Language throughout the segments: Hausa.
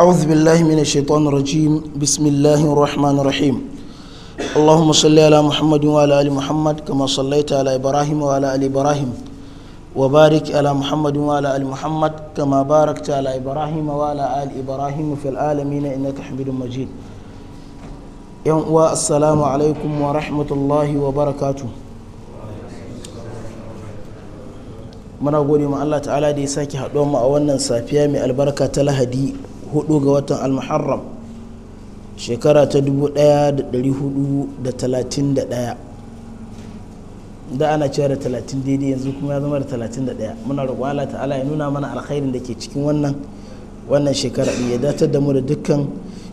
أعوذ بالله من الشيطان الرجيم بسم الله الرحمن الرحيم اللهم صل على محمد وعلى آل محمد كما صليت على إبراهيم وعلى آل إبراهيم وبارك على محمد وعلى آل محمد كما باركت على إبراهيم وعلى آل إبراهيم في العالمين إنك حميد مجيد يوم السلام عليكم ورحمة الله وبركاته muna gode ma Allah ta'ala da ya sake haɗuwa mu a wannan safiya mai albarka ta lahadi hudu ga watan almuharram shekara ta 1431 da ana cewa da 30 daidai yanzu kuma ya zama da 31 muna roƙon Allah ta'ala ya nuna mana alkhairin da ke cikin wannan wannan shekara ɗin ya datar da mu da dukkan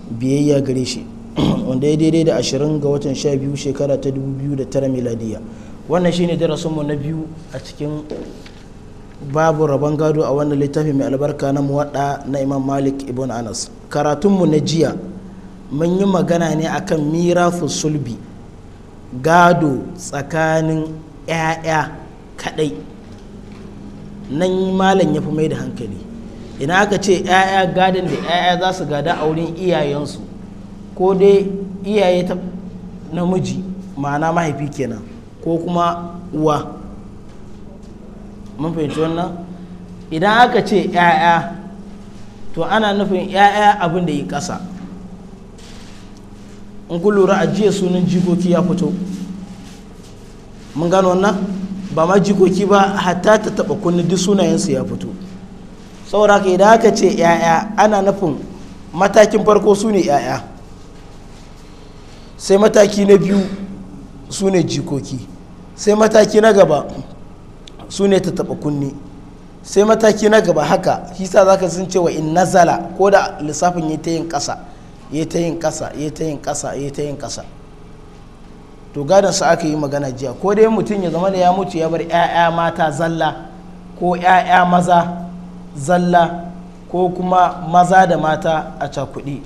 biyayya gare shi wanda ya daidai da 20 ga watan 12 shekara ta 2009 miladiya wannan shine darasinmu na biyu a cikin babu rabon gado a wannan littafi mai albarka na muwaɗa na imam malik ibn anas karatunmu na jiya mun yi magana ne akan mirafu sulbi gado tsakanin 'ya'ya kaɗai nan malam ya fi mai da hankali ina aka ce 'ya'ya gadon da 'ya'ya za su gada a wurin iyayensu ko dai iyaye ta namiji ma'ana mahaifi kenan ko kuma uwa mun fahimci wannan idan aka ce 'ya'ya to ana nufin 'ya'ya abin da yi ƙasa in ku lura a jiya sunan jikoki ya fito mun gano wannan ba ma jikoki ba hatta ta taɓa kunni duk sunayensu ya fito saboda haka idan aka ce 'ya'ya ana nufin matakin farko su ne 'ya'ya sai mataki na biyu su ne jikoki sai mataki na gaba su ne ta taɓa kunni sai mataki na gaba haka sa za ka sun cewa in nazala ko da lissafin ya ta yin ƙasa ya ta yin ƙasa ya ta yin ƙasa ya ta yin ƙasa to gadon su aka yi magana jiya ko dai mutum ya zama da ya mutu ya bar 'ya'ya mata zalla ko 'ya'ya maza zalla ko kuma maza da mata a cakuɗi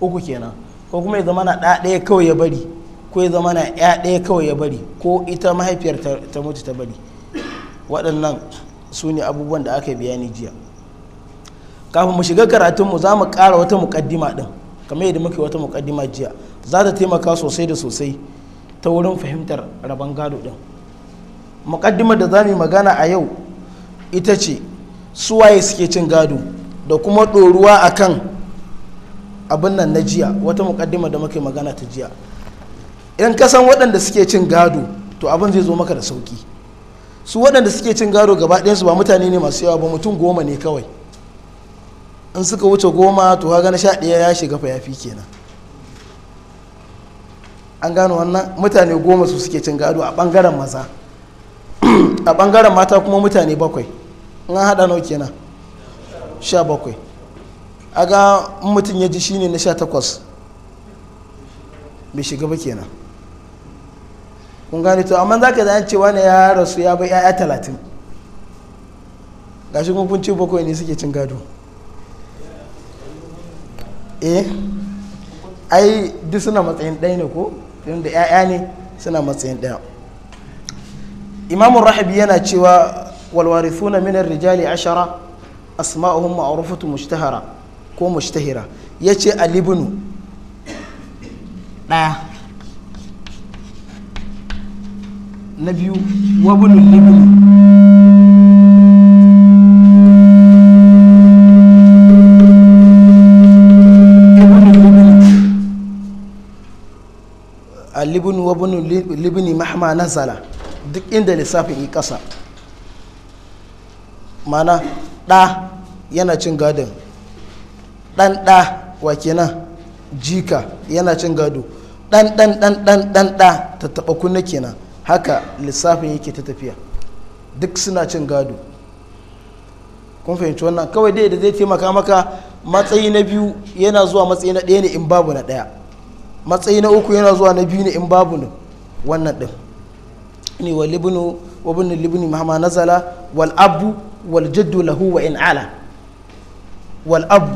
uku kenan ko kuma ya zama na ɗaya kawai ya bari ko ya zama na ɗaya kawai ya bari ko ita mahaifiyar ta mutu ta bari waɗannan su ne abubuwan da aka yi bayani jiya kafin mu shiga karatunmu za mu ƙara wata muƙaddima ɗin kamar yadda muke wata muƙaddima jiya za ta taimaka sosai da sosai ta wurin fahimtar rabon gado ɗin muƙaddimar da za mu yi magana a yau ita ce su waye suke cin gado da kuma ɗoruwa a kan abin nan na jiya wata muƙaddima da muke magana ta jiya in ka san waɗanda suke cin gado to abin zai zo maka da sauƙi su waɗanda suke cin gado gaba su ba mutane ne masu yawa ba mutum goma ne kawai in suka wuce goma to ha gana sha ɗaya ya shiga fayafi kenan an gano wannan mutane goma su suke cin gado a ɓangaren maza a ɓangaren mata kuma mutane bakwai in an haɗa nau kenan sha bakwai a ga mutum ya ji shine na sha takwas bai shiga ba kenan kun gane to amma zaka da an ce wani ya rasu ya bai yaya talatin gashi kuma kun ce bakwai ne suke cin gado eh ai duk suna matsayin ɗaya ne ko da yaya ne suna matsayin ɗaya imamun rahabi yana cewa walwarithuna minar rijali ashara asma'uhum ma'rufatu mushtahara ko mushtahira yace alibnu ɗaya na biyu wabulun libni alibin libni mahama zala duk inda lissafin yi kasa mana ɗa yana cin gadon ɗan ɗa wa kenan jika yana cin gado ɗan ɗan ɗan ɗan ɗan ɗa taɓa kunna kenan haka lissafin yake ta tafiya duk suna cin gado kun fahimci wannan kawai dai da zai taimaka maka matsayi na biyu yana zuwa matsayi na ɗaya ne in babu na ɗaya matsayi na uku yana zuwa na biyu ne in babu ne wannan ɗin ni wa libnu wa bin libni mahama nazala wal abu wal jaddu lahu wa in ala wal abu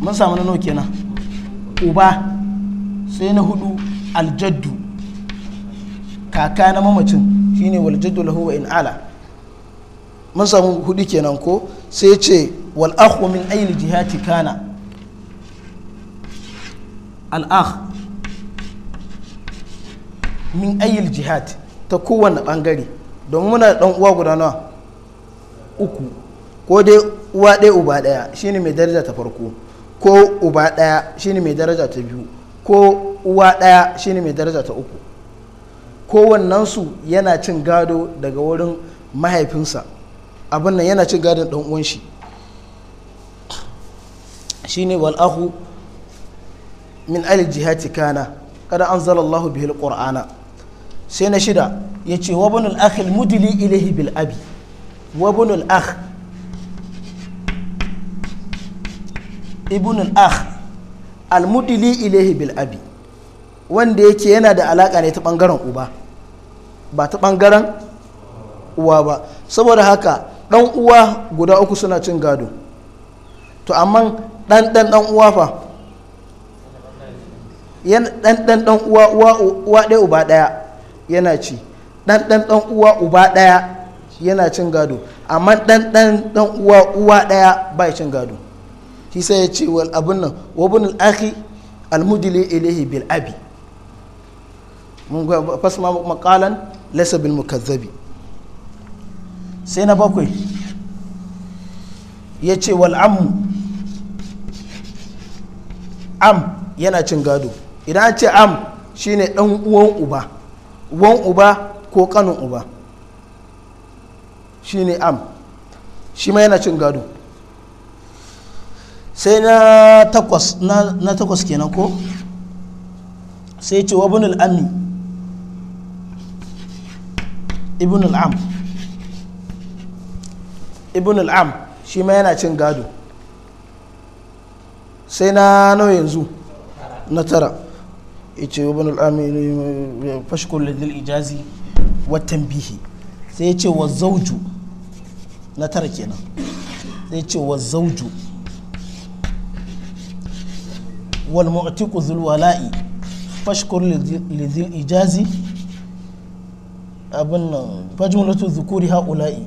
mun samu na nawa kenan uba sai na hudu al jaddu kaka na mamacin shine wal jaddu lahu wa in ala mun samu hudu kenan ko sai ce wal akhu min ayli jihati kana al akh min ayil jihad ta kowanne bangare domin muna dan uwa guda nawa uku ko dai uwa ɗaya uba ɗaya shine mai daraja ta farko ko uba ɗaya shine mai daraja ta biyu ko uwa ɗaya shine mai daraja ta uku kowannensu yana cin gado daga wurin mahaifinsa abin nan yana cin gado da ɗan uwanshi shi shine wal'ahu min alil jihati kana kada an zala Allahu bihil qur'ana sai na shida yace wa bunul akh mudili ilahi bil abi wa akh ibn akh al mudili ilahi bil abi wanda yake yana da alaka ne ta bangaren uba ba ta ɓangaren uwa ba saboda haka ɗan uwa guda uku suna cin gado to amma ɗan ɗan ɗan uwa fa ɗan ɗan ɗan uwa uwa ɗaya uba ɗaya yana ci ɗan ɗan ɗan uwa uba ɗaya yana cin gado amma ɗan ɗan ɗan uwa uwa ɗaya ba cin gado shi sai ya ce wal abun nan wabun al'aki almudili ilaihi bil abi mun ga fasma maqalan laysa bil mukazzabi sai na bakwai ya ce wal am yana cin gado idan ce am shine dan uwan uba uwan uba ko kanin uba shine am shi ma yana cin gado sai na takwas na, takwas kenan ko sai ce wa bunul ibn al'am ibn shi ma yana cin gado sai na nawa yanzu na tara ce ibn al'am fashikun lalil ijazi watan bihi sai ya ce wa zauju na tara kenan sai ya ce wa zauju wal mu'tiqu dhul wala'i fashkur lidhil ijazi abin nan fajimulatu zukuri haula'i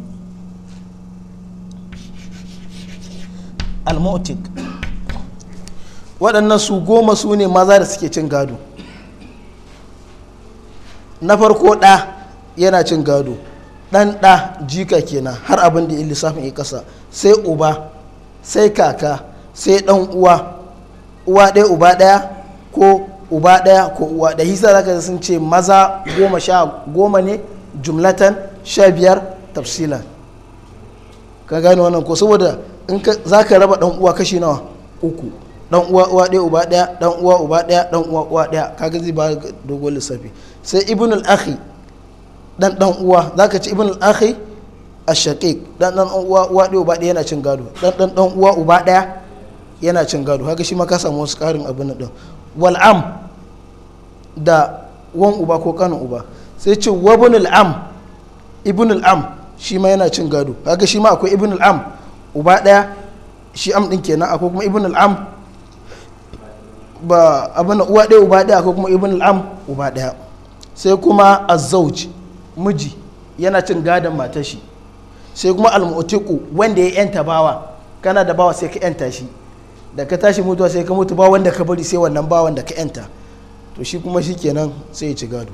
waɗannan su goma su ne maza da suke cin gado na farko ɗa yana cin gado ɗan ɗa jika kenan har abin da yin lissafin ya ƙasa sai uba sai kaka sai ɗan uwa uwa ɗaya uba ɗaya ko uba ɗaya ko uwa ɗaya hisa zaka sun ce maza goma sha goma ne jumlatan sha biyar tafsila ka gane wannan ko saboda in za ka raba dan uwa kashi nawa uku dan uwa uwa ɗaya uba ɗaya dan uwa uba ɗaya dan uwa uwa ɗaya kaga zai ba dogon lissafi sai ibn al-akhi dan dan uwa zaka ci ibn al-akhi ash-shaqiq dan dan uwa uwa ɗaya uba ɗaya yana cin gado dan dan dan uwa uba ɗaya yana cin gado haka shi ma ka samu wasu karin abin nan din wal am da wan uba ko kanin uba sai ce wabin al'am ibn al'am shi ma yana cin gado haka shi ma akwai ibn al'am uba ɗaya shi am ɗin kenan akwai kuma ibn al'am ba abin uwa ɗaya uba ɗaya akwai kuma ibn al'am uba ɗaya sai kuma azauji miji yana cin gadon matar shi sai kuma almutiku wanda ya yanta bawa kana da bawa sai ka yanta shi da ka tashi mutuwa sai ka mutu ba wanda ka bari sai wannan bawan da ka yanta to shi kuma shi kenan sai ya ci gado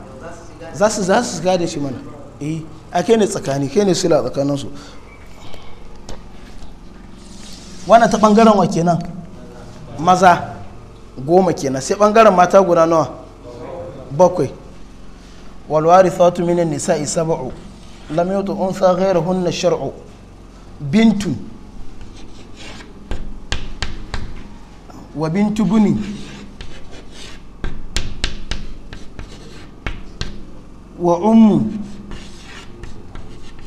za su za su gada shi mana eh a kai ne tsakani kai ne sila tsakanin su wannan ta bangaren wa kenan maza goma kenan sai bangaren mata guda nawa bakwai walwari thawatu minan nisa'i sab'u lam yutu unsa hunna shar'u bintu wa bintu bunin wa ummu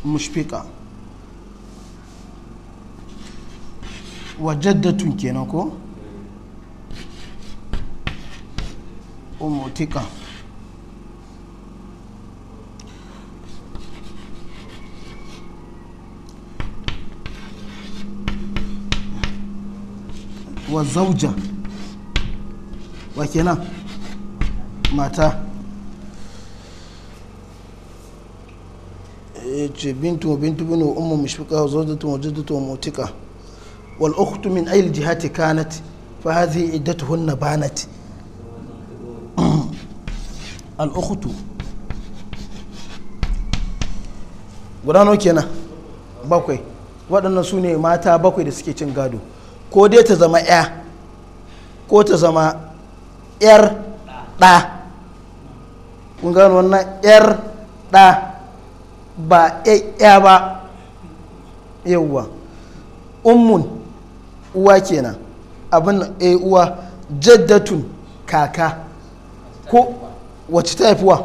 mushfika wa jaddatun kenan ko tika wa zauja wa kenan mata ya ce bintu wa bintu binu ummu mushfiqa wa zawjatu wa jaddatu wa mutika wal ukhtu min ayil jihati kanat fa hadhihi iddatuhunna banat al ukhtu gudano kenan bakwai waɗannan su ne mata bakwai da suke cin gado ko dai ta zama 'ya ko ta zama 'yar ɗa kun gano wannan 'yar ɗa ba ya ba yawwa ummun uwa kenan abin a eh, uwa jaddatun kaka ko wacce ta haifuwa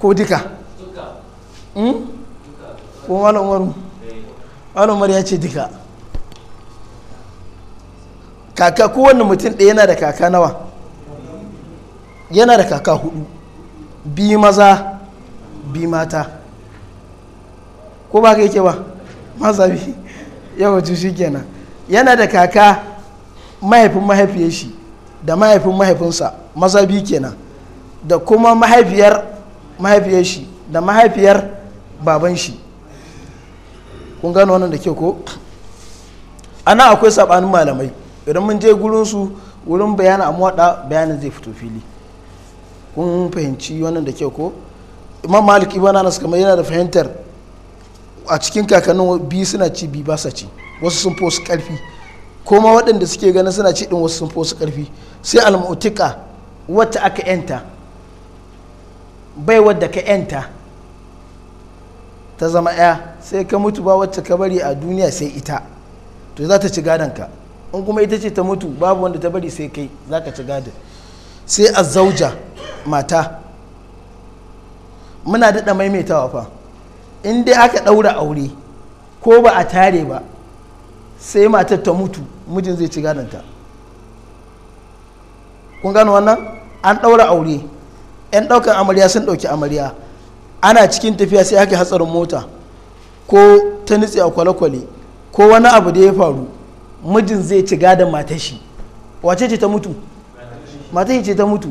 ko duka hmm? ko wani umaru umaru ya ce duka kaka kowane mutum ɗaya yana da kaka nawa yana da kaka hudu bi maza bi mata ko ba ka yake ba maza bi shi kenan yana da kaka mahaifin mahaifiyar shi da mahaifin mahaifinsa maza bi kenan da kuma mahaifiyar mahaifiyar shi da mahaifiyar baban shi kun gano wannan da ke ko ana akwai sabanin malamai idan mun je gurinsu wurin bayana amma moda bayanin zai fito fili kun fahimci wannan da kyau ko imam malik ibn anas kamar yana da fahimtar a cikin kakannin bi suna ci bi ba sa ci wasu sun fosu karfi kuma waɗanda suke ganin suna ci din wasu sun fosu karfi sai al-mu'tika wata aka yanta bai wadda ka yanta ta zama ya sai ka mutu ba wacce ka bari a duniya sai ita to za ta ci gadon ka in kuma ita ce ta mutu babu wanda ta bari sai kai za ka ci gadon sai a zauja mata muna daɗa maimaitawa fa in dai aka ɗaura aure ko ba a tare ba sai matar ta mutu mijin zai ci gadonta kun gano wannan an ɗaura aure 'yan ɗaukan amarya sun ɗauki amarya ana cikin tafiya sai ake hatsarin mota ko ta nutse a kwale-kwale ko wani abu da ya faru mijin zai ci gadon matashi wace ce ta mutu matashi ce ta mutu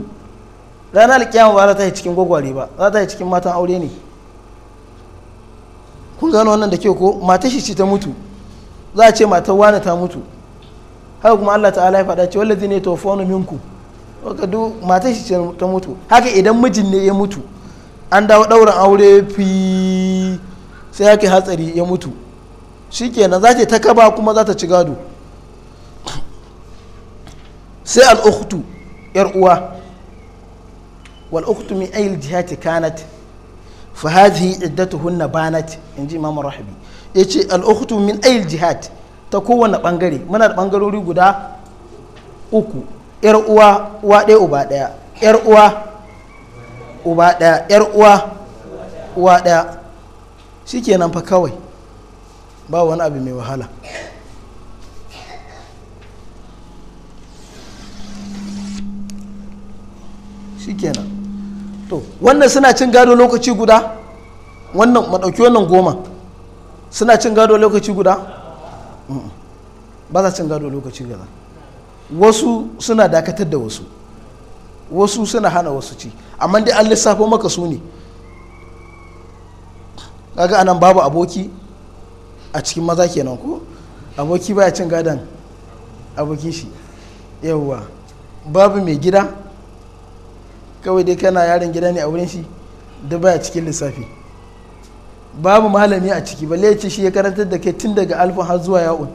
ranar alkiyama ba za ta yi cikin gwagware ba za ta yi cikin matan aure ne kun gano wannan da kyau ko mata shi ce ta mutu za a ce mata wani ta mutu haka kuma Allah ta'ala ya faɗa ce wallazi ne tawfanu minku waka du mata shi ce ta mutu haka idan mijin ne ya mutu an dawo ɗaurin aure fi sai haka hatsari ya mutu shi shikenan za ta ta kaba kuma za ta ci gado sai al'ukhtu yar uwa والأخت من أي الجهات كانت فهذه عدتهن بانت إن جي إمام الرحبي يجي الأخت من أي الجهات تكون بانجري من البانجروري قدا أكو إرؤوا وادي أبادا إرؤوا أبادا إرؤوا وادي شيكي نمفا كوي باوان أبي مي وهلا shikenan to wannan suna cin gado lokaci guda wannan madauki wannan goma suna cin gado lokaci guda ba za cin gado lokaci guda wasu suna dakatar da wasu wasu suna hana wasu ci amma dai an lissafo maka su ne kaga anan babu aboki a cikin maza kenan ko aboki baya cin gadon abokin shi yawwa babu mai gida kawai dai kana yaron gida ne a wurin shi da baya cikin lissafi babu malami a ciki balle ce shi ya karantar da kai tun daga alfin har zuwa ya'un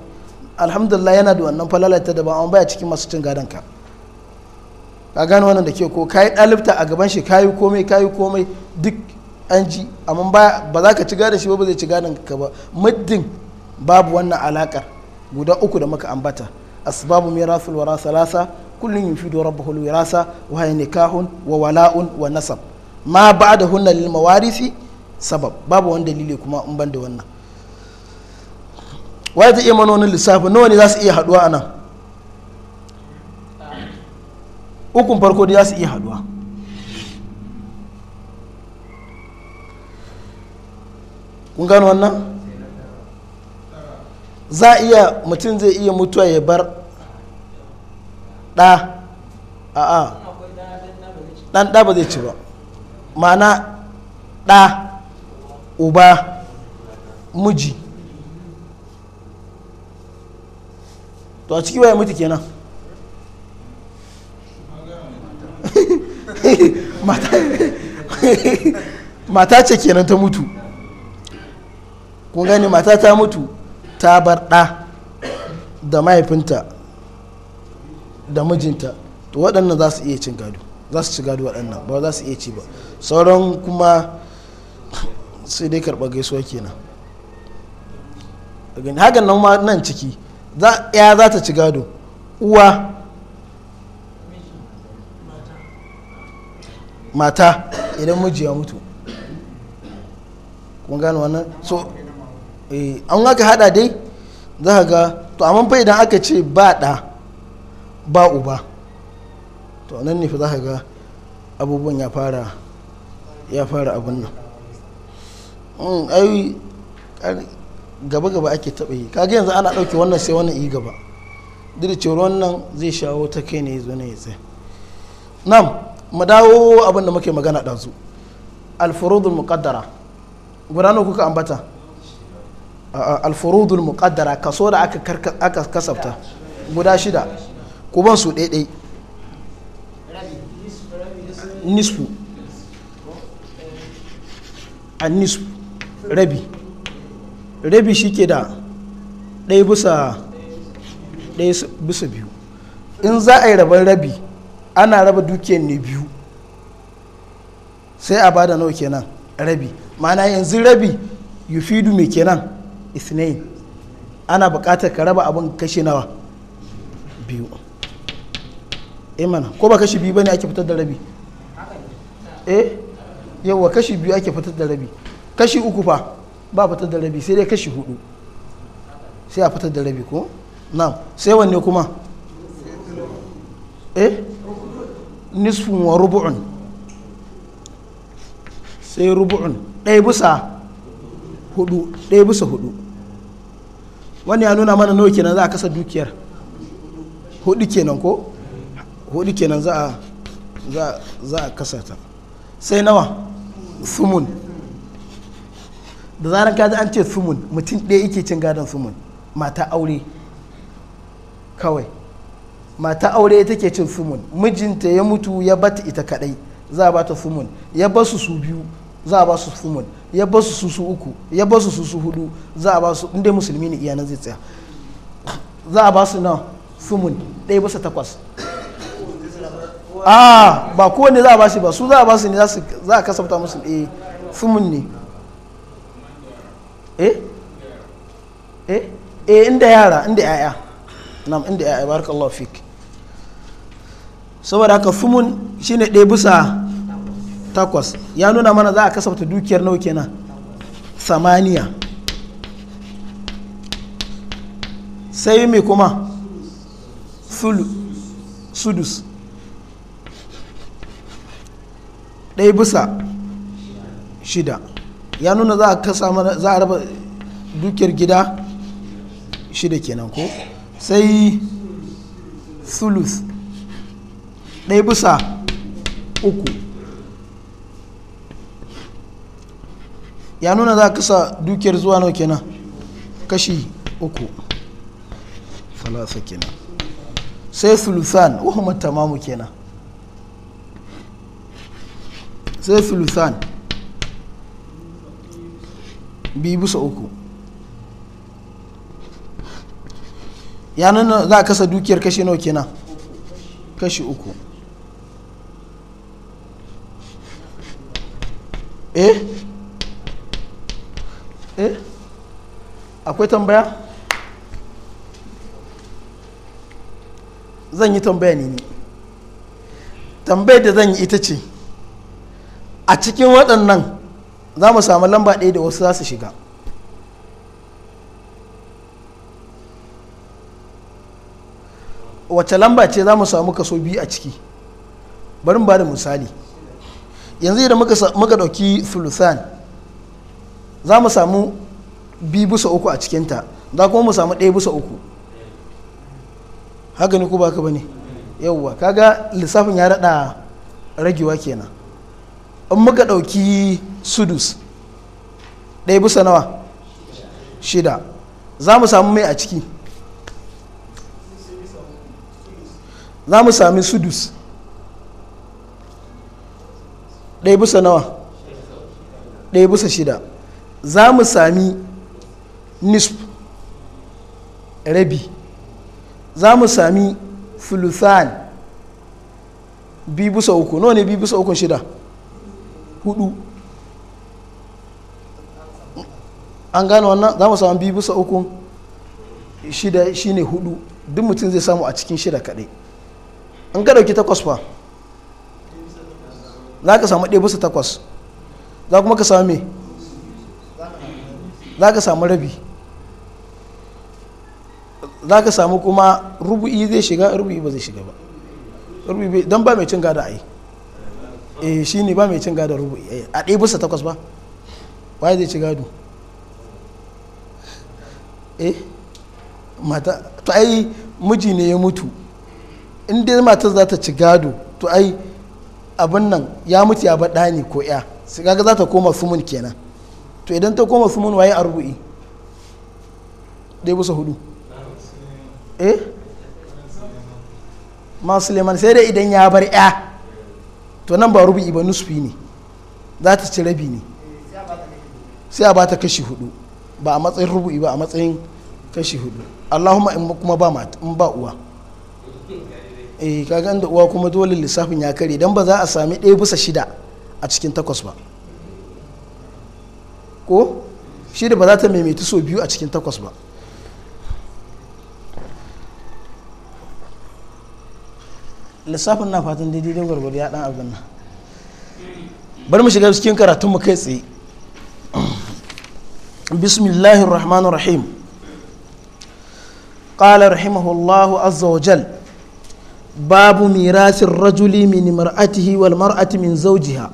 alhamdulillah yana da wannan falalata da ba an baya cikin masu cin gadon ka ka gano wannan da ke ko kayi dalibta a gaban shi kayi komai kayi komai duk an ji amma ba za ka ci gadon shi ba ba zai ci gadon ka ba muddin babu wannan alakar guda uku da muka ambata asbabu mirasul wara salasa kullun يفيد ربه alwirasa وهي نكاح وولاء wa ما wa للموارث ma باب وان دليل sabab babu wani dalili kuma in ban wai zai iya manonin lissafi nawa ne za su anan ukun farko su kun wannan za iya mutum zai iya mutuwa ya bar ɗa a a ɗan ɗa ba zai ci ba ma'ana ɗa uba miji to a ciki waye mutu kenan mata ce kenan ta mutu kun gani mata ta mutu ta bar ɗa da mahaifinta da mijinta to waɗannan za su iya cin gado za su ci gado waɗannan ba za su iya ci ba sauran kuma sai dai karɓar gaisuwa kenan hakan nan ma nan ciki ya za ta ci gado uwa mata idan miji ya mutu kun gano wannan so eh, an haka hada dai za ga to amma fa idan aka ce ba ɗa ba uba to nan ne fi za ka ga abubuwan ya fara ya fara abin nan hmm, ai gaba-gaba ake taɓa yi kaga yanzu ana ɗauke wannan sai wannan yi gaba dircewar wannan zai shawo ta kai ne zo ne ya tsaye nam mu dawo abin da muke magana ɗazu alfurudul muqaddara gudanar kuka ambata alfurudul muqaddara kaso da aka kasafta guda shida Ko ban su ɗaiɗai nisfu a nisfu rabi rabi shi ke da ɗaya bisa ɗaya bisa biyu in za a yi rabon rabi ana raba dukiyar ne biyu sai a bada nawa kenan rabi ma'ana yanzu rabi yufidu mai kenan isnain ana buƙatar ka raba abin kashe nawa biyu imana eh, mana ko ba kashi biyu bane ake fitar da rabi eh yawa kashi biyu ake fitar da rabi kashi uku fa ba fitar da rabi sai dai kashi hudu sai a fitar da rabi ko na sai wanne kuma eh nisfun wa rubu'un sai rubu'un ɗaya bisa hudu ɗaya bisa hudu wani ya nuna mana nawa kenan za a kasa dukiyar hudu kenan ko hudu kenan za a za a kasata sai nawa sumun da zarar kaji an ce sumun mutum ɗaya yake cin gadon sumun mata aure kawai mata aure ita ke cin sumun mijinta ya mutu ya bata ita kadai za a bata sumun ya basu su biyu za a basu sumun ya basu su su uku ya basu su su hudu za a basu inda musulmi ne iyanan zai tsaya za a basu na sumun ɗaya su takwas Ah, a ba kowanne za a bashi ba su za a su ne za a kasafta musu eh sumun ne eh eh eh inda yara inda yaya nam inda yaya barakallahu fik saboda haka sumun shine ɗaya bisa takwas ya nuna mana za a kasafta dukiyar nawa kenan samaniya sai mai kuma sudus ɗaya bisa shida ya nuna za a kasa mana za a raba dukiyar gida shida kenan ko sai sulus ɗaya bisa uku ya nuna za a kasa dukiyar zuwa nawa kenan kashi uku salasa kenan sai sulusan wahumar tamamu kenan sai sulusan biyu bisa uku ya nuna za a kasa dukiyar kashi nawa na kashi uku eh eh akwai tambaya zan yi tambaya ne tambayar da zan yi ita ce a cikin waɗannan za mu samu lamba ɗaya da wasu za su shiga wacce lamba ce za mu samu kaso biyu a ciki bari mu ba da misali yanzu idan muka ɗauki sulusan za mu samu biyu bisa uku a cikinta za kuma mu samu ɗaya bisa uku haka ne ku ba ka ba ne yauwa kaga lissafin ya raɗa ragewa kenan in muka ɗauki sudus ɗaya bisa nawa shida za mu samu mai a ciki za mu sami sudus ɗaya bisa nawa ɗaya bisa shida za mu sami nisf rabi za mu sami fuluthan bi bisa uku nawa ne bi bisa uku shida hudu an gane wannan za mu samu biyu bisa uku shida shine hudu duk mutum zai samu a cikin shida kaɗai an ga ɗauki takwas fa za ka samu ɗaya bisa takwas za kuma ka samu me za ka samu rabi za ka samu kuma rubu'i zai shiga rubu'i ba zai shiga ba rubu'i don ba mai cin gada a yi eh shi ne ba mai cin gado rubu eh, a ɗaya bisa takwas ba waye zai ci gado eh mata to ai miji ne ya mutu in dai mata za ta ci gado to ai abin nan ya mutu ya baɗa ne ko ya kaga za ta koma sumun kenan to idan ta koma sumun waye a rubu'i ɗaya bisa hudu eh ma suleiman sai dai idan ya bar ya to nan ba rubi ba nusfi ne za ta ci rabi ne sai a ba ta kashi hudu ba a matsayin rubu'i ba a matsayin kashi hudu allahumma in kuma ba mata in ba uwa eh kaga da uwa kuma dole lissafin ya kare dan ba za a sami ɗaya bisa shida a cikin takwas ba ko shida ba za ta maimaita so biyu a cikin takwas ba lissafin na fatan daidai da gwargwado ya dan abin nan bari mu shiga cikin karatun mu kai tsaye bismillahir rahmanir rahim qala rahimahullahu azza wa jal babu mirasin rajuli min mar'atihi wal mar'ati min zawjiha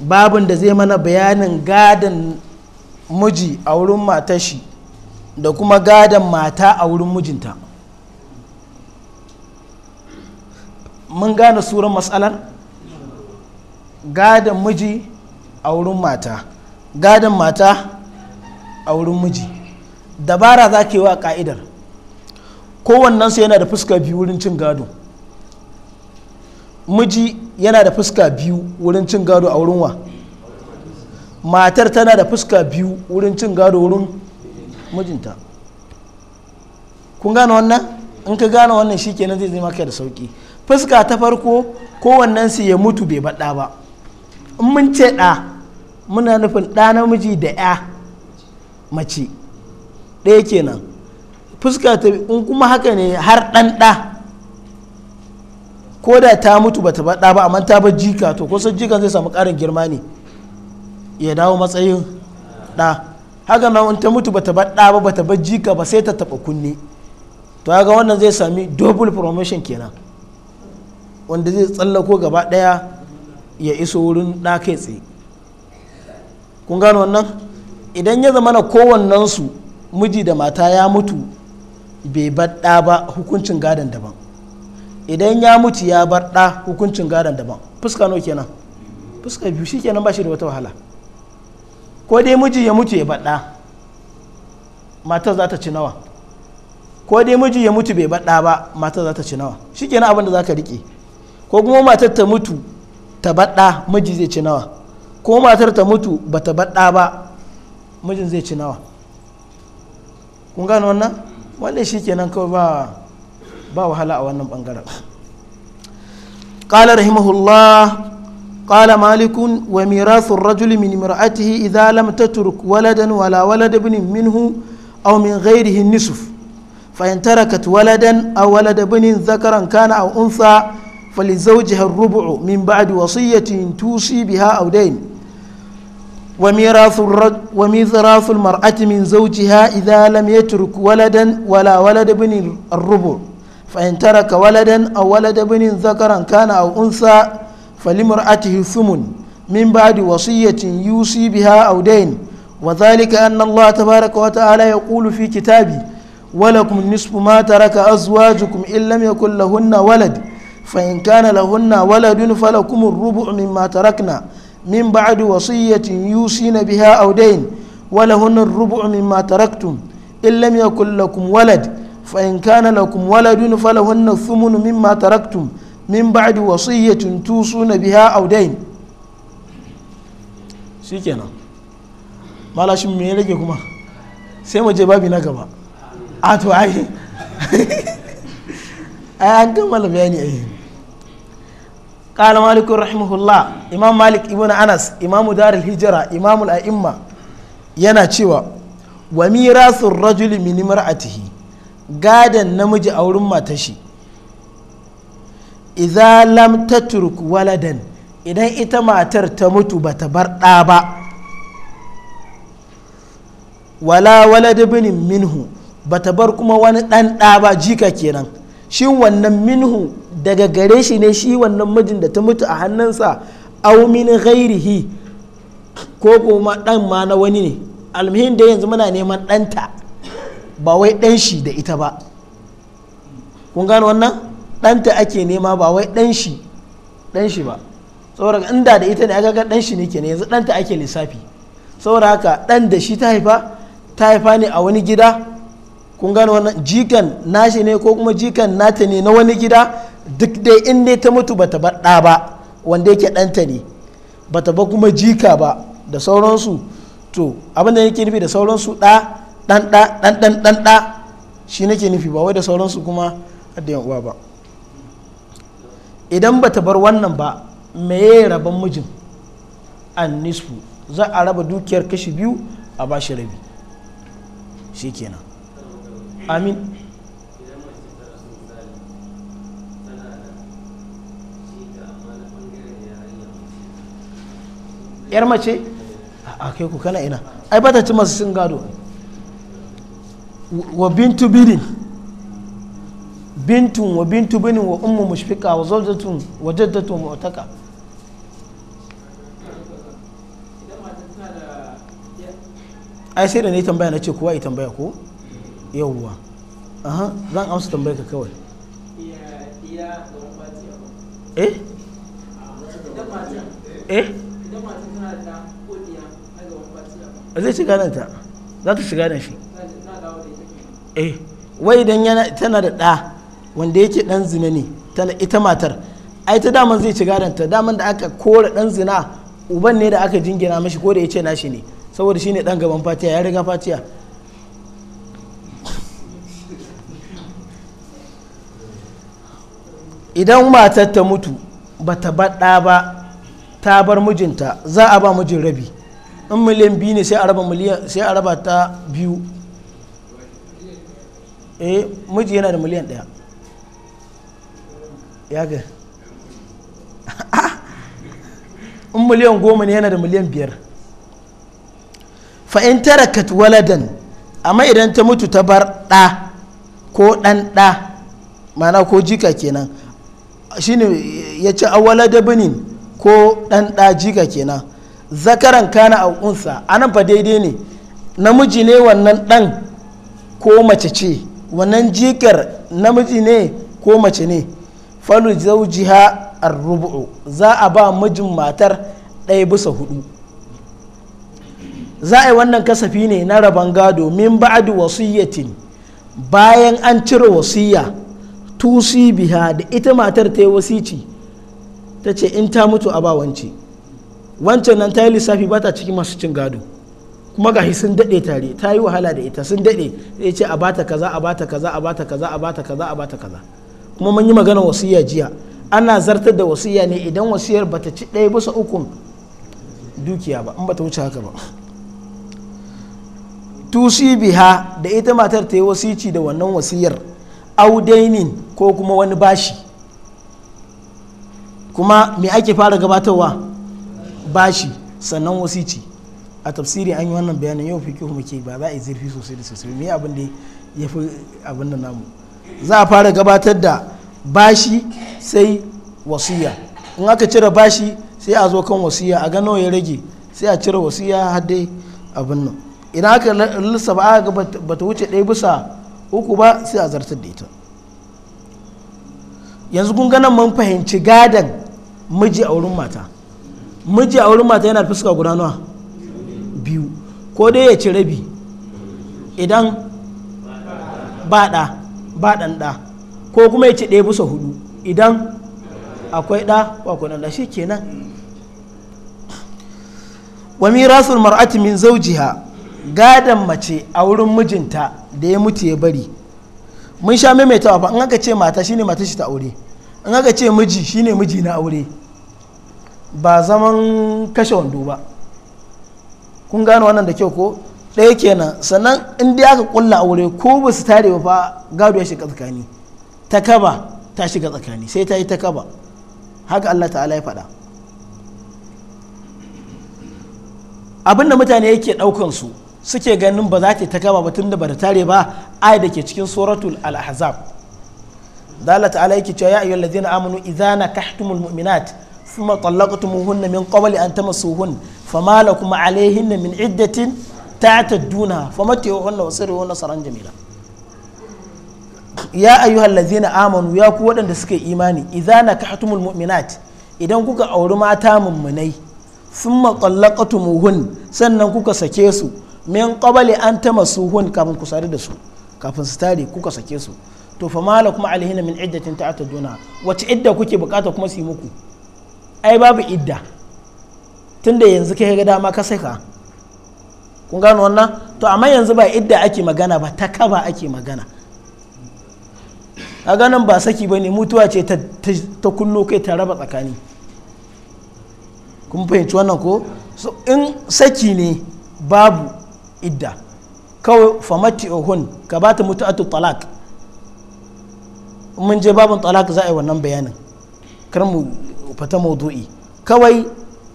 babun da zai mana bayanin gadan miji a wurin matashi da kuma gadan mata a wurin mijinta mun gane suran matsalar gadon miji a wurin mata gadon mata a wurin miji dabara za ke wa ka'idar kowannensu yana da fuska biyu wurin cin gado miji yana da fuska biyu wurin cin gado a wurin wa matar tana da fuska biyu wurin cin gado wurin mijinta kun gane wannan in ka gane wannan shi kenan zai zai maka da sauki fuska ta farko su ya mutu bai baɗa ba in mun ce ɗa muna nufin ɗa namiji da ya mace ɗaya kenan fuska ta in kuma haka ne har ɗan ɗa ko da ta mutu bata baɗa ba amma ta bar jika to kusan jikan zai samu ƙarin girma ne ya dawo matsayin ɗa haka nan in ta mutu bata baɗa ba bata bar jika ba sai ta taɓa kunne to ga wannan zai sami double promotion kenan wanda zai tsallako gaba ɗaya ya iso wurin ɗakai kai tsaye kun gano wannan idan ya zama na kowannensu miji da mata ya mutu bai bar ɗa ba hukuncin gadon daban idan ya mutu ya bar ɗa hukuncin gadon daban fuska nawa kenan fuska biyu shi kenan ba shi da wata wahala ko dai miji ya mutu ya bar ɗa matar za ta ci nawa ko dai miji ya mutu bai bar ɗa ba matar za ta ci nawa shi kenan abin da za ka riƙe ko kuma matar ta mutu ta baɗa miji zai ci nawa ko matar ta mutu ba ta baɗa ba mijin zai ci nawa kun gano wannan wanda shi kenan kawai ba ba wahala a wannan bangaren ƙala rahimahullah ƙala malikun wa mirasun rajuli min mir'atihi idza lam taturk waladan wala walad ibn minhu aw min ghayrihi nisf fa in tarakat waladan aw walad ibn zakaran kana aw unsa فلزوجها الربع من بعد وصية توصي بها أو دين وميراث الرج وميراث المرأة من زوجها إذا لم يترك ولدا ولا ولد ابن الربع فإن ترك ولدا أو ولد ابن ذكرا كان أو أنثى فلمرأته الثمن من بعد وصية يوصي بها أو دين وذلك أن الله تبارك وتعالى يقول في كتابه ولكم نصف ما ترك أزواجكم إن لم يكن لهن ولد fahim kana lahunna waladun falakumun rubu min matarakna min ba'adu wasu yi yi yusi na biya audain walahunan rubu min mataraktun ilam ya kula walad fahim kana lakum waladun falahunan thumun min mataraktun min ba'adu wasu yi yi tusu biya audain قال مالك رحمه الله إمام مالك ابن أنس إمام دار الهجرة إمام الأئمة ينا تشوى وميراث الرجل من امرأته قادا نمج أو ما تشي إذا لم تترك ولدا إذا إتما ترتمت بتبر أبا ولا ولد ابن منه بتبر كما وان أن أبا جيكا كينا شو وانا منه daga gare shi ne shi wannan mijin da ta mutu a hannunsa au min ghairihi ko kuma dan ma na wani ne almihin da yanzu muna neman ɗanta ba wai ɗan shi da ita ba kun gano wannan ɗanta ake nema ba wai ɗan shi ɗan shi ba saboda inda da ita ne aka ga ɗan shi ne kenan yanzu ɗanta ake lissafi saboda haka ɗan da shi ta haifa ta haifa ne a wani gida kun gano wannan jikan nashi ne ko kuma jikan nata ne na wani gida duk dai in ne ta mutu bata bar ɗa ba wanda yake ɗanta ne bata ba kuma jika ba da sauransu to abin da yake nufi da sauransu ɗa ɗan ɗan ɗan ɗan shi nake nufi ba wai da sauransu kuma da uwa ba idan bata bar wannan ba meye rabon mijin an nisfu za a raba dukiyar kashi biyu a bashi rabi shi kenan amin yar mace a kai ku kana ina ai bata ci masu cin gado wa bintu bidin bintun wa bintu bidin wa ummu mushfika wa zawjatun wa wa mu'taka ai sai da ni tambaya na ce kowa yi tambaya ko yawwa aha zan amsa tambaya ka kawai eh eh zai shiga nan ta za ta shiga nan shi eh wai idan yana tana da ɗa wanda yake ɗan zina ne tana ita matar ai ta daman zai shiga nan ta daman da aka kore ɗan zina uban ne da aka jingina mashi ko da ya ce nashi ne saboda shine ɗan gaban fatiya ya riga fatiya idan matar ta mutu ba ta ba ta bar mijinta za a ba mijin rabi in miliyan biyu ne sai a raba miliyan sai a raba ta biyu eh miji yana da miliyan ɗaya ya ga in miliyan goma ne yana da miliyan biyar fa'in tarakat waladan amma idan ta mutu ta bar ɗa ko ɗan ɗa mana ko jika kenan shine ya ce a da ko ɗan ɗa jika kenan zakaran kana a unsa anan fa daidai ne namiji ne wannan ɗan ko mace ce wannan jikar namiji ne ko mace ne falu zaujiha arrubu za a ba mijin matar ɗaya bisa hudu za a yi wannan kasafi ne na rabon gado min ba'adu wasiyyatin bayan an cire wasiyya tusi biha da ita matar ta yi wasici ta ce in ta mutu a ba wance wancan nan ta yi lissafi ba ta cikin masu cin gado kuma ga sun daɗe tare ta yi wahala da ita sun daɗe ya ce a bata kaza a bata kaza a bata kaza a bata kaza a bata kaza kuma mun yi magana wasiya jiya ana zartar da wasiya ne idan wasiyar bata ci ɗaya bisa ukun dukiya ba in bata wuce haka ba tusi biha da ita matar ta yi wasici da wannan wasiyar audainin ko kuma wani bashi kuma me ake fara gabatarwa bashi sannan wasici a tafsiri an yi wannan bayanin yau fi kuma ke ba za a yi zurfi sosai da sosai me abin da ya fi abin da namu za a fara gabatar da bashi sai wasiya in aka cire bashi sai a zo kan wasiya a gano ya rage sai a cire wasiya har dai abin nan idan aka lissa ba a ba ta wuce ɗaya bisa uku ba sai a zartar da ita yanzu kun ganin mun fahimci gadan miji a wurin mata miji a wurin mata yana da fuska guda nawa biyu ko dai ya ci rabi idan baɗa baɗan ɗa ko kuma ya ci ɗaya bisa hudu idan akwai ɗa wa akwai ɗan shi kenan wani rasul mar'ati min gadon mace a wurin mijinta da ya mutu ya bari mun sha maimaitawa fa in aka ce mata shine mata shi ta aure in aka ce miji shine miji na aure ba zaman kashe wando ba kun gano wannan da kyau ko ɗaya kenan sannan in dai aka kulla aure ko ba su tare ba gado ya shiga tsakani ta kaba ta shiga tsakani sai ta yi ta kaba haka Allah ta'ala ya faɗa abinda mutane yake ɗaukan su suke ganin ba za ta ta kaba ba tunda ba da tare ba ai da ke cikin suratul al-ahzab da Allah ta'ala yake cewa ya ayyuhallazina amanu idza nakahtumul mu'minat ثم طلقتموهن من قبل أن تمسوهن فما لكم عليهن من عدة تعتدونها فمتعوهن وسرهن سرا جميلا يا أيها الذين آمنوا يا قوة دسك إيماني إذا نكحتم المؤمنات idan kuka auri mata mummunai sun matsallakatumuhun sannan kuka sake su min qabali an ta masuhun kafin ku kafin su tare kuka sake su to fa mala kuma alhina min iddatin ta duna wace idda kuke bukata kuma suyi yi muku ai babu idda tunda yanzu kai ga dama ka saka kun gano wannan to amma yanzu ba idda ake magana ba ta kaba ake magana a ganin ba saki ba ne mutuwa ce ta kullo kai ta raba tsakani kun fahimci wannan ko in saki ne babu idda kawai famati ohun ka ba ta mutu talak mun je babin talak za a yi wannan bayanin kar mu fata maudu'i kawai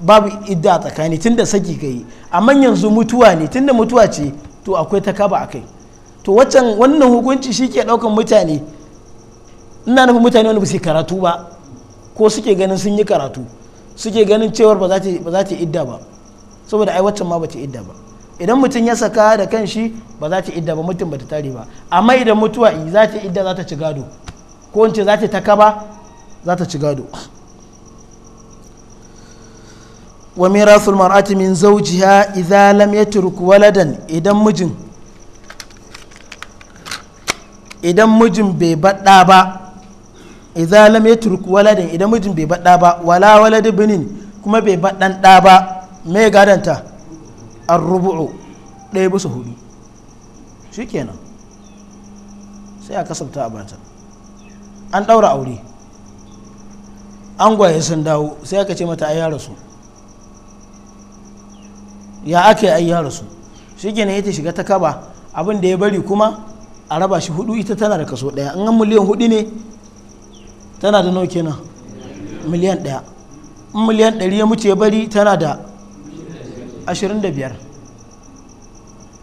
babu idda a tsakani tunda saki ka yi amma yanzu mutuwa ne tunda mutuwa ce to akwai ta kaba a kai to waccan wannan hukunci shi ke ɗaukan mutane ina nufin mutane wani ba su karatu ba ko suke ganin sun yi karatu suke ganin cewar ba za ta idda ba saboda ai waccan ma ba ta idda ba idan mutum ya saka da kan shi ba za ta idda ba mutum ba ta tare ba amma idan mutuwa za ta idda za ta ci gado ko in ce za ta ta kaba za ta ci gado wa mirasul mar'ati min zawjiha idza lam yatruk waladan idan mijin idan mijin bai baɗa ba idza lam yatruk waladan idan mijin bai baɗa ba wala walad binin kuma bai badan da ba me gadanta ar-rubu'u ɗaya bisa hudu shikenan sai a kasafta a bata an ɗaura aure an gwaye sun dawo sai aka ce mata ai su ya aka yi ya rasu shi ke ya ta shiga ta kaba abin da ya bari kuma a raba shi hudu ita tana da kaso daya in an miliyan hudu ne tana da nawa kenan miliyan daya in miliyan ɗari ya mutu ya bari tana da ashirin da biyar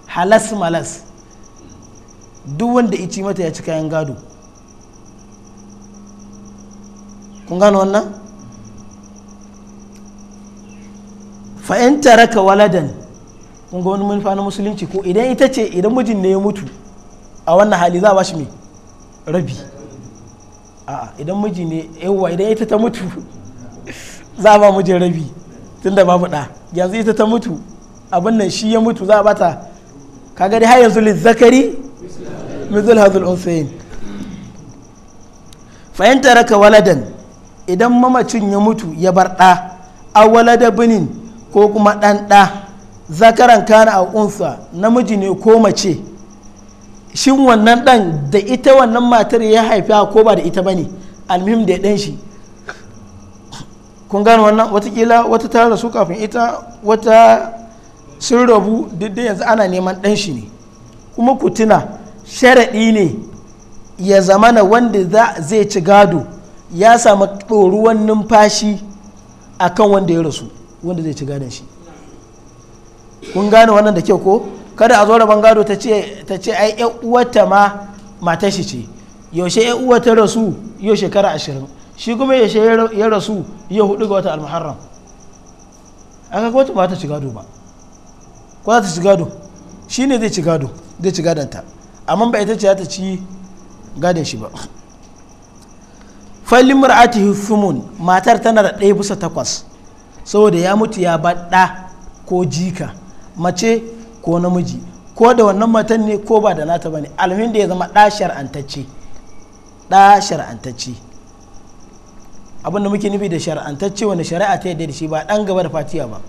halas malas duk wanda ici mata ya ci kayan gado kun gano wannan fa in taraka waladan kun ga wani manufa na musulunci ko idan ita ce idan mijin ne ya mutu a wannan hali za a bashi me rabi a'a idan miji ne yawa idan ita ta mutu za a ba mijin rabi tunda babu da yanzu ita ta mutu abin nan shi ya mutu za a bata kaga dai har yanzu lizzakari mizul hazul unsayin fa in taraka waladan idan mamacin ya mutu ya bar da awwalada binin ko kuma ɗan ɗa zakaran kana a unsa namiji ne ko mace shin wannan ɗan da ita wannan matar ya haifa ko ba da ita ba ne almihim da ɗan shi kun gano wannan watakila wata ta rasu kafin ita wata sun rabu duk yanzu ana neman ɗan shi ne kuma ku tuna sharaɗi ne ya zamana wanda zai ci gado ya samu ɗoruwan numfashi akan wanda ya rasu wanda zai ci gadon shi kun gane wannan da kyau ko kada a zo rabon gado ta ce ai yan uwarta ma matar shi ce yaushe yan uwar rasu yau shekara ashirin shi kuma yaushe ya rasu yau hudu ga wata almuharram aka ga wata ba ta ci gado ba ko za ta ci gado shi ne zai ci gado zai ci gadonta amma ba ita ce za ta ci gadon shi ba falin mar'atihi fumun matar tana da ɗaya bisa takwas saboda ya mutu ya baɗa ko jika mace ko namiji ko da wannan matan ne ko ba da nata ba ne alamin da ya zama ɗa shar'antacce ɗa shar'antacce abinda muke nufi da shar'antacce wanda shari'a ta yadda da shi ba ɗan gaba da fatiya ba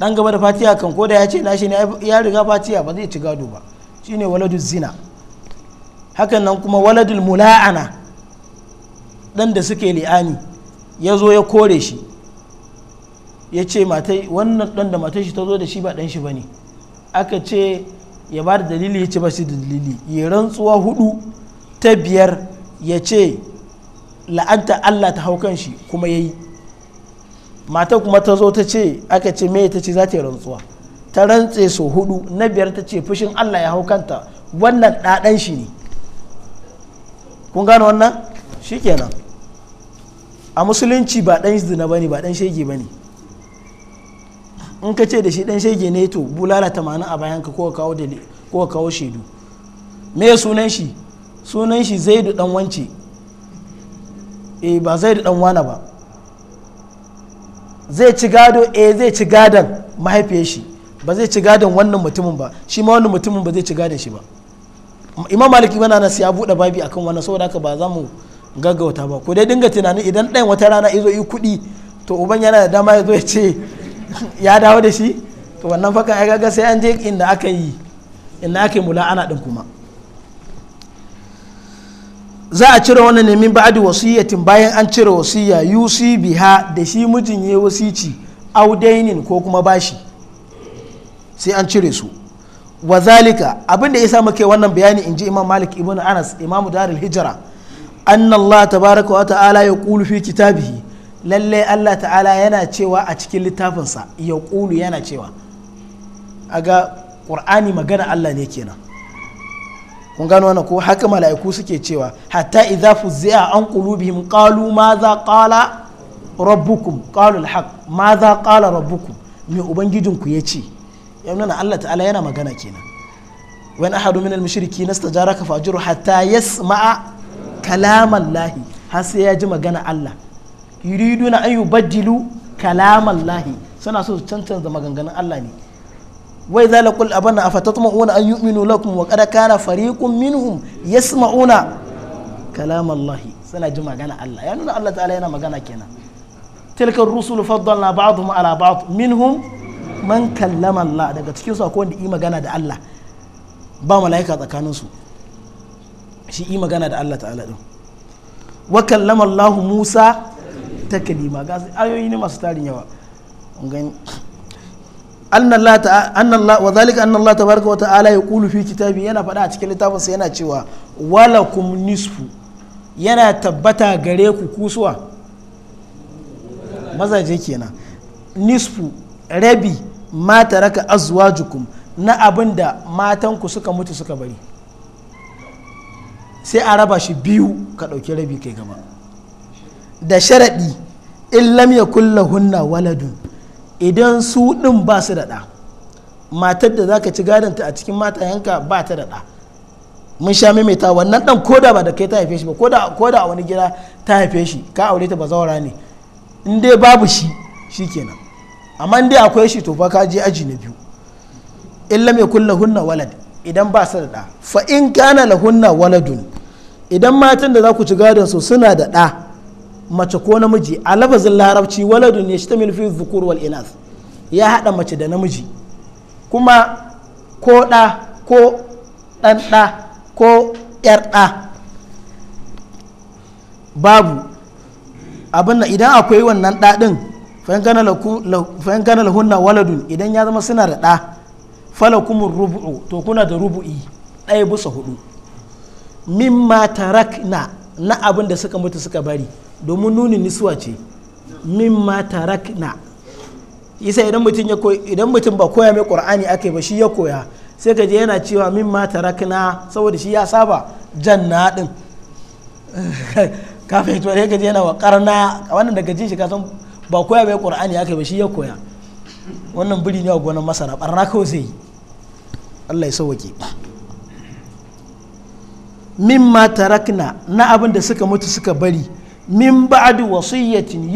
ɗan gaba da fatiya kan ko da ya ce nashi ne ya riga fatiya ba zai ci gado ba shine waladul zina hakan nan kuma waladul mula'ana ɗan da suke li'ani ya zo ya kore shi ya ce matai wannan ɗan da matai shi ta zo da shi ba ɗan shi ba ne aka ce ya ba da dalili ya ce ba shi da dalili ya rantsuwa hudu ta biyar ya ce la'anta Allah ta hau kan shi kuma ya yi mata kuma ta zo ta ce aka ce me ta ce za ta yi rantsuwa ta rantse so hudu na biyar ta ce fushin Allah ya hau kanta wannan ɗaɗan shi ne kun gano wannan shikenan a musulunci ba ɗan zina ba ne ba ɗan shege ba ne in ka ce da shi dan shege ne to bulala ma'ana a bayan ka kowa kawo dalili kawo shaidu me sunan shi sunan shi da dan wance eh ba da dan wana ba zai ci gado eh zai ci gadon mahaifiyar shi ba zai ci gadon wannan mutumin ba shi ma wannan mutumin ba zai ci gadon shi ba imam maliki bana nasi ya buɗe babi akan wannan saboda haka ba za mu gaggauta ba ko dai dinga tunanin idan ɗan wata rana izo yi kuɗi to uban yana da dama ya zo ya ce ya dawo da shi to wannan fakan ya gaga sai an je inda aka yi inda aka yi mula'ana din kuma za a cire wannan nemin ba'adi wasiyyatin bayan an cire wasiyya yusi biha da shi mijin ya wasici audainin ko kuma bashi sai an cire su wa zalika abinda yasa muke wannan bayani ji imam malik ibn anas imam darul hijira anna tabaraka wa ta'ala ya qulu fi kitabihi lalle Allah ta'ala yana cewa a cikin littafinsa ya ƙulu yana cewa ga ƙur'ani magana Allah ne kenan kun gano wannan ko haka mala'iku suke cewa hatta idza fuzzi'a an qulubihim qalu madha qala rabbukum qalu alhaq madha qala rabbukum me ubangijinku yace ya nuna Allah ta'ala yana magana kenan wani ahadu min al-mushriki nastajaraka fajiru hatta yasma'a kalam Allah har sai ya ji magana Allah yuriduna an yubaddilu kalamallahi suna so su cancanza maganganun Allah ne wai kul abana afatatma'una an yu'minu lakum wa qad kana fariqun minhum yasma'una kalamallahi suna ji magana Allah ya nuna Allah ta'ala yana magana kenan tilka rusulu faddalna ba'dhum ala ba'd minhum man kallama Allah daga cikin su akwai wanda yi magana da Allah ba mala'ika tsakanin su shi yi magana da Allah ta'ala din wa kallama Allah Musa ta kalima ayoyi ne masu tarin yawa أن الله تع... أن الله وذلك cikin littafin yana cewa walakum nisfu yana tabbata gare ku kusuwa mazaje kenan nisfu rabi ma taraka azwajukum na abinda matanku suka mutu suka bari sai a raba shi biyu ka ɗauki rabi kai gaba da sharaɗi in lam kulla hunna waladun idan su ɗin ba su da ɗa matar da zaka ci gadonta a cikin mata yanka ba ta da ɗa mun sha maimaita wannan ɗan koda ba da kai ta haife shi ba koda a wani gida ta haife shi ka aure ta ba zaura ne in dai babu shi shi kenan amma in dai akwai shi to fa ka je aji na biyu in lam kulla hunna walad idan ba su da ɗa fa in kana hunna waladun idan matan da za ku ci gadon su suna da ɗa mace ko namiji a lafazin larabci waladun ya shi ta milfi zukur inas ya haɗa mace da namiji kuma ko ɗa ko ɗan ɗa ko ƴar ɗa babu abin idan akwai wannan ɗaɗin fayin gana lahunna waladun idan ya zama suna da ɗa kuma rubu'u to kuna da rubu'i ɗaya bisa hudu mimma tarakna na abinda suka mutu suka bari domin nuni nisuwa ce tarak na isa idan mutum ya koya idan mutum ba koya mai qur'ani ake ba shi ya koya sai ka je yana cewa tarak na saboda shi ya saba janna din ka to sai ka je yana wa karna wannan daga jin shi ka san ba koya mai qur'ani ake ba shi ya koya wannan biri ne a gonan masara barna kawai zai yi Allah ya min ma tarakna na abin da suka mutu suka bari min ba'di wasiyyatin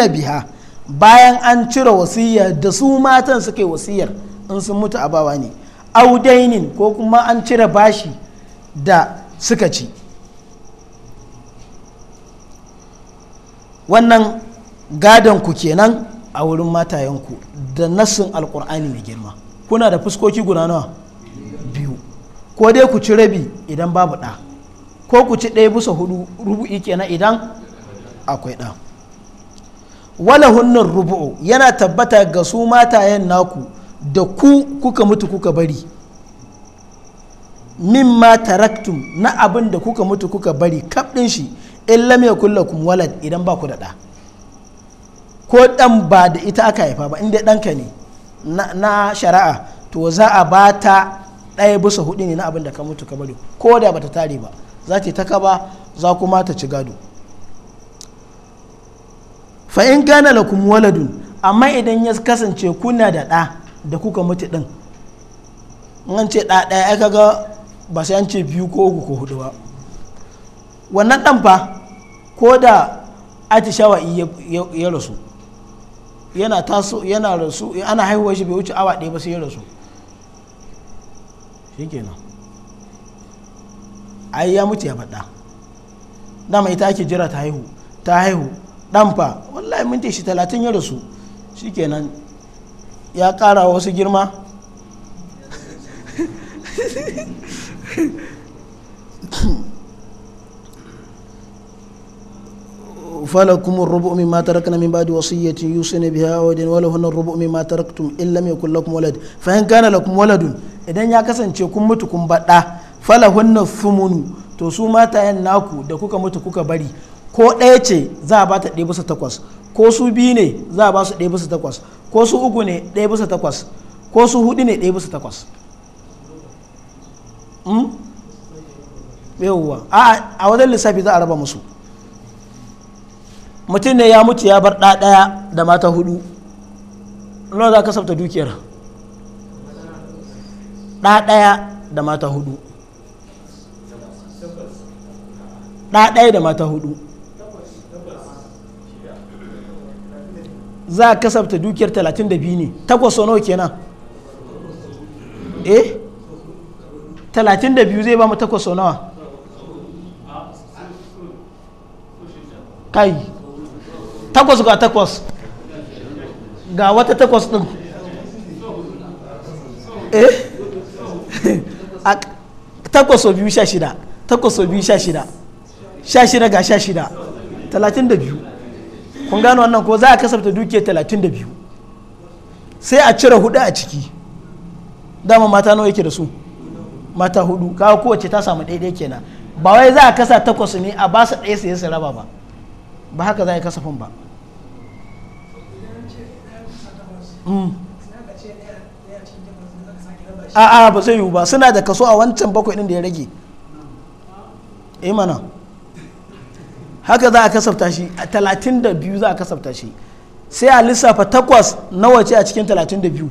na biha bayan an cire wasiyya da su matan suke wasiyar in sun mutu a bawa ne audainin ko kuma an cire bashi da suka ci wannan gadon ku kenan a wurin matayenku da nassin alkur'ani mai girma kuna da fuskoki guda nawa biyu ko dai ku ci rabi idan babu ɗa ko ku ci ɗaya bisa hudu rubu'i kenan idan akwai ɗa wala hunnan rubu'u yana tabbata ga su matayen naku da ku kuka mutu kuka bari min ma taraktum na abin da kuka mutu kuka bari kaɗin shi in lam kulla kun walad idan ba ku da ɗa ko ɗan ba da ita aka haifa ba inda ɗanka ne na, shari'a to za a ba ta ɗaya bisa hudu ne na abin da ka mutu ka bari ko da bata tare ba za ta ta kaba za kuma ta ci gado fa in la kuma waladun amma idan ya kasance kuna da ɗa da kuka mutu ɗin an ce ɗa ɗaya aka ga ba sai an ce biyu ko uku ko hudu ba wannan ɗan fa ko da atishawa'i ya rasu yana taso yana rasu ana haihuwa shi bai wuce awa ɗaya ba sai ya rasu shikenan ai ya mutu ya faɗa dama ita ake jira ta haihu ta haihu danfa wallahi minti shi talatin ya rasu shikenan ya kara wasu girma falakum rubu min ma min wala rubu ma waladun idan ya kasance kun mutu kun bada fala to su mata yan naku da kuka mutu kuka bari ko ɗaya ce za a ba ta ɗaya bisa takwas ko su biyu ne za a ba su ɗaya bisa takwas ko su uku ne ɗaya bisa takwas ko su hudu ne ɗaya bisa takwas hmm? yawwa a wajen lissafi za a raba musu mutum ne ya mutu ya bar ɗaya da mata hudu nawa za ka sabta dukiyar ɗaya da mata hudu ɗaya da mata hudu za a kasafta dukiyar 32 ne takwas nawa kenan eh 32 zai ba mu takwas nawa kai takwas ga takwas ga wata takwas din eh takwas so biyu sha shida takwas so biyu sha shida sha shida ga sha shida talatin da biyu kun gano wannan ko za a kasafta dukiya talatin da biyu sai a cire hudu a ciki dama mata nawa yake da su mata hudu kawo kowace ta samu daidai kenan ba wai za a kasa takwas ne a ba su ɗaya sai su raba ba ba haka za a yi kasafin ba mm. a'a ba zai yiwu ba suna da kaso a wancan bakwai ɗin da ya rage imana eh, haka za a kasafta shi a talatin da biyu za a kasafta shi sai a lissafa takwas na wace a cikin talatin da biyu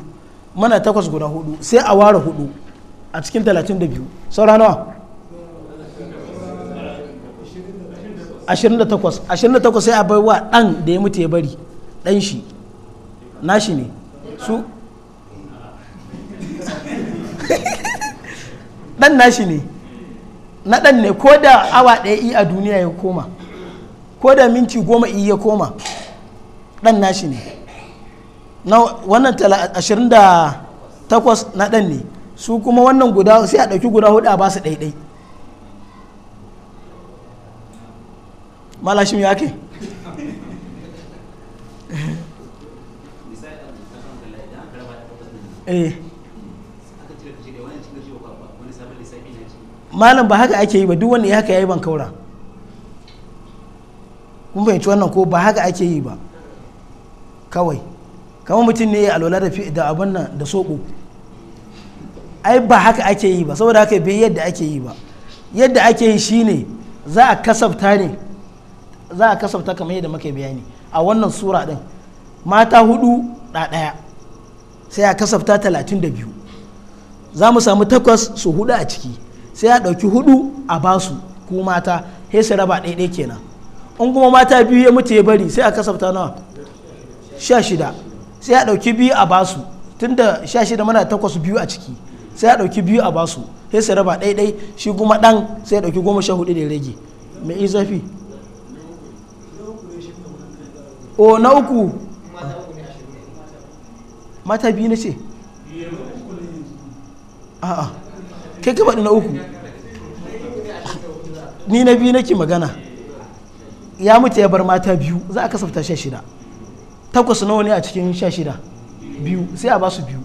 mana takwas guda hudu sai a ware hudu a cikin talatin da biyu saura nawa ashirin da takwas ashirin da takwas sai a bai wa dan da ya mutu ya bari dan shi nashi ne su ɗan nashi ne na dan ne ko da awa ɗaya a duniya ya koma ko da minti goma iya koma dan nashi ne na wannan ashirin da takwas na dan ne su kuma wannan guda sai a ɗauki guda hudu a basu ɗaiɗai malashin ya ke eh. malam ba haka ake yi ba duk wanda ya haka ya yi ban kaura kun fahimci wannan ko ba haka ake yi ba kawai kama mutum ne ya alwala da da abin nan da soko ai ba haka ake yi ba saboda haka bai yadda ake yi ba yadda ake yi shine za a kasafta ne za a kasafta kamar yadda muka bayani a wannan sura din mata hudu da ɗaya sai a kasafta talatin da biyu za mu samu takwas su hudu a ciki sai a ɗauki hudu a basu ko mata sai su raba ɗaya kenan in kuma mata biyu ya mutu ya bari sai a kasafta nawa sha shida sai a ɗauki biyu a basu tunda sha shida mana takwas biyu a ciki sai a ɗauki biyu a basu sai su raba ɗaiɗai shi kuma ɗan sai a ɗauki goma sha hudu da ya rage mai yi zafi o na uku mata biyu na ce a'a kai ka na uku ni na biyu nake magana ya mutu ya bar mata biyu za a kasafta sha shida takwas nawa ne a cikin sha shida biyu sai a ba su biyu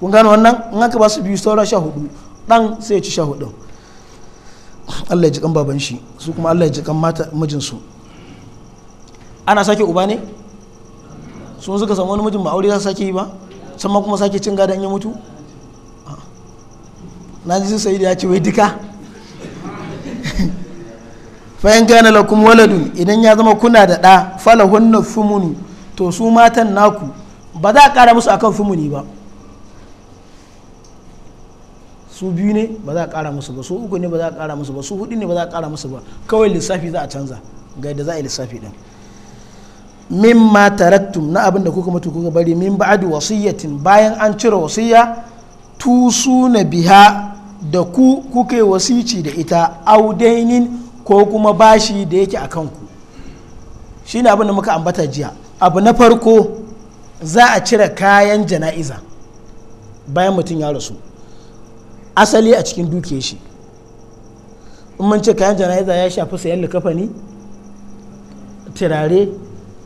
kun gano wannan in aka ba su biyu saura sha hudu dan sai ya ci sha hudu Allah ya ji kan baban shi su kuma Allah ya ji kan mata mijinsu ana sake uba ne sun suka samu wani mijin ba aure za su sake yi ba sannan kuma sake cin gadon ya mutu na ji sai da ya ce wai duka fayan la lakum waladun idan ya zama kuna da ɗa falahunna fumunu to su matan naku ba za a ƙara musu akan fumuni ba su biyu ne ba za a ƙara musu ba su uku ne ba za a ƙara musu ba su hudu ne ba za a ƙara musu ba kawai lissafi za a canza ga yadda za a yi lissafi din ma tarattum na abin da kuka mutu kuka bari min ba'di wasiyyatin bayan an cire wasiyya tusuna biha da ku kuka yi wasici da ita audainin ko kuma bashi da yake a kanku shi ne abin da muka ambata jiya abu na farko za a cire kayan jana'iza bayan mutum ya rasu asali a cikin duke shi in mun ce kayan jana'iza ya shafi sayan likafani turare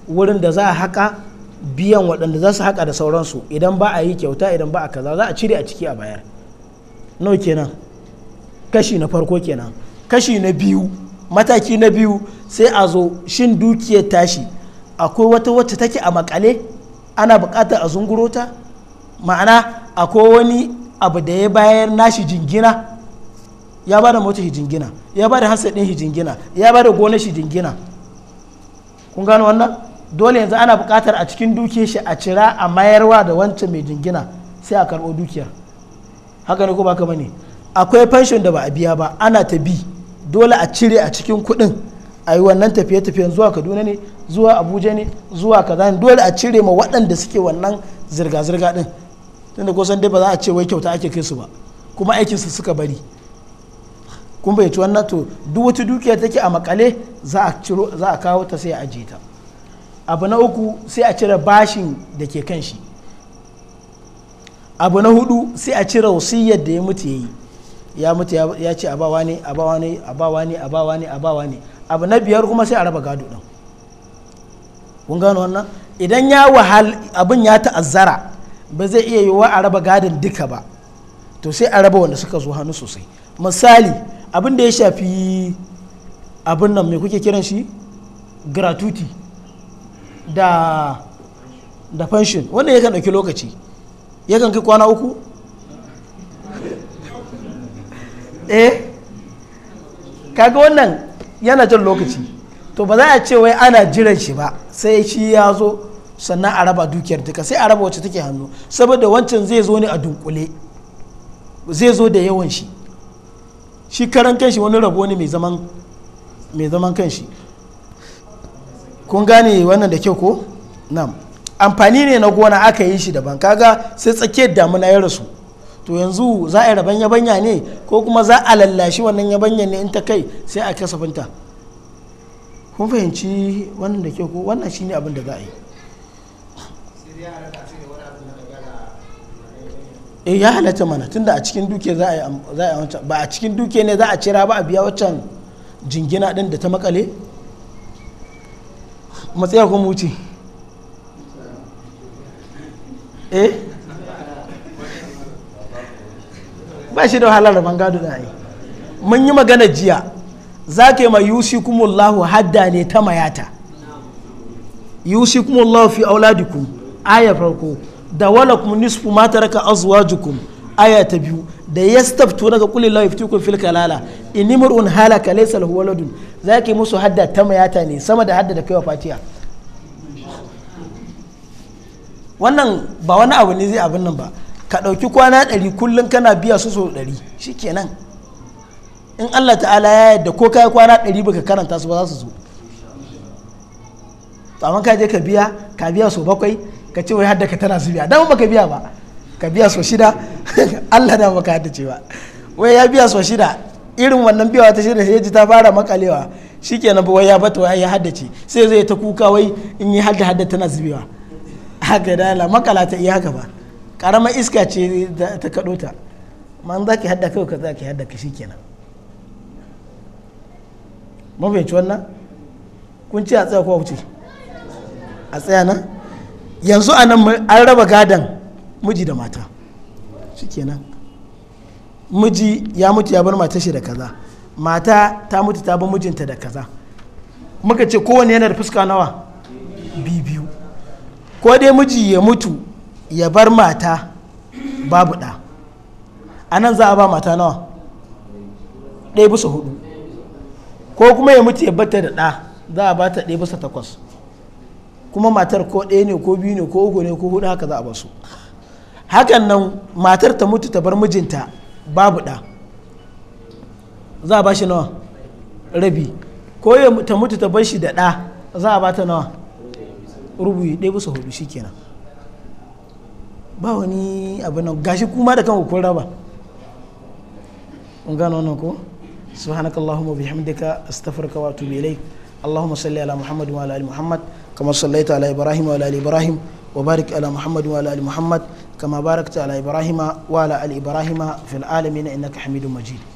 wurin da za a haƙa biyan waɗanda za su haƙa da sauransu idan ba a yi kyauta idan ba a kaza za a cire a ciki a bayar nau kenan kashi na farko kenan kashi na biyu mataki na biyu sai a zo shin dukiyar tashi akwai wata wacce take a makale ana buƙatar a zunguro ma'ana akwai wani abu da ya bayar nashi jingina ya ba da mota shi jingina ya ba da hansa ɗin shi jingina ya ba da gonar shi jingina kun gano wannan dole yanzu ana buƙatar a cikin dukiyar shi a cira a mayarwa da wancan mai jingina sai a karɓo dukiyar haka ne ko ba ka bane akwai fanshon da ba a biya ba ana ta bi dole a cire a cikin kuɗin a yi wannan tafiye-tafiyen zuwa kaduna ne zuwa abuja ne zuwa kaza ne dole a cire ma waɗanda suke wannan zirga-zirga ɗin tunda ko san dai ba za a ce wai kyauta ake kai su ba kuma aikinsu suka bari kun bai ci wannan to duk wata dukiya take a makale za a ciro za a kawo ta sai a ajiye ta abu na uku sai a cire bashin da ke kan shi abu na hudu sai a cire wasiyyar da ya mutu ya yi ya mutu ya ce abawa ne abawa ne abawa ne abawa ne abawa ne abu na biyar kuma sai a raba gado ɗan kun gano wannan idan ya wahal abin ya ta'azzara ba zai iya yi wa a raba gadon duka ba to sai a raba wanda suka zo hannu sosai misali abin da ya shafi abin nan mai kuke kiran shi gratuity da da wanda wannan yakan ɗauki lokaci yakan kai kwana uku eh kaga wannan yana jan lokaci to ba za a ce wai ana jiran shi ba sai shi ya zo sannan a raba dukiyar duka sai a raba wacce take hannu saboda wancan zai zo ne a dunkule zai zo da yawan shi shi karan kanshi wani rabo ne mai zaman kanshi kun gane wannan da kyau ko nam amfani ne na gona aka yi shi daban kaga sai tsakiyar damuna ya rasu to yanzu za a raban yabanya ne ko kuma za a lallashi wannan yabanya ne in ta kai sai a kasafinta kun fahimci wannan da ke ko wannan shine abin da za a yi e ya halatta mana tunda a cikin duke za a yi wancan ba a cikin duke ne za a cira ba a biya waccan jingina din da ta makale matsaya ko wuce eh ba shi da wahalar ban gado da yi mun yi magana jiya za ka yi ma yusi kumullahu hadda ne ta mayata yusi kumullahu fi auladikum aya farko da wala kuma nisfu ma taraka azwajukum aya ta biyu da yastaftu daga kulli la yaftikum fil kalala in imrun halaka laysa lahu waladun zaki musu hada ta mayata ne sama da hadda da kai wa fatiya wannan ba wani abu ne zai abin nan ba ka ɗauki kwana ɗari kullum kana biya su sau ɗari shi kenan in allah ta'ala ya yadda ko kai kwana ɗari baka karanta su ba za su zo amma ka je ka biya ka biya sau bakwai ka ce wai hadda ka tana su biya dan baka biya ba ka biya sau shida allah da baka hadda cewa wai ya biya sau shida irin wannan biyawa ta shida sai ji ta fara makalewa shikenan ba wai ya bata wai ya haddace sai zai ta kuka wai in yi hadda hadda tana zubewa haka da makala ta iya haka ba karamar iska ce ta kaɗo ta man za ki hada kawai ka za ki hada ka shikenan mafiyanci wannan kun ce a tsaya ko wuce a tsaya nan yanzu a nan an raba gadon miji da mata shikenan miji ya mutu ya bar mata shi da kaza mata ta mutu ta bar mijinta da kaza muka ce kowane yana da fuska nawa biyu ko dai miji ya mutu ya bar mata babu ɗa a nan za a ba mata nawa ɗaya bisa hudu ko kuma ya mutu ya bata da ɗa za a bata ɗaya bisa takwas kuma matar ko ɗaya ne ko biyu ne ko uku ne ko hudu haka za a su hakan nan matar ta mutu ta bar mijinta babu ɗa za a ba shi nawa rabi ko ya ta mutu ta bar shi da ɗa za a bata nawa rubuyi ɗaya bisa hudu shikenan ba wani abu nan gashi kuma da kanku kun raba kun gano wannan ko subhanakallahumma bihamdika astaghfiruka wa atubu ilayk اللهم صل على محمد وعلى ال محمد كما صليت على ابراهيم وعلى ال ابراهيم وبارك على محمد وعلى ال محمد كما باركت على ابراهيم وعلى ال ابراهيم في العالمين انك حميد مجيد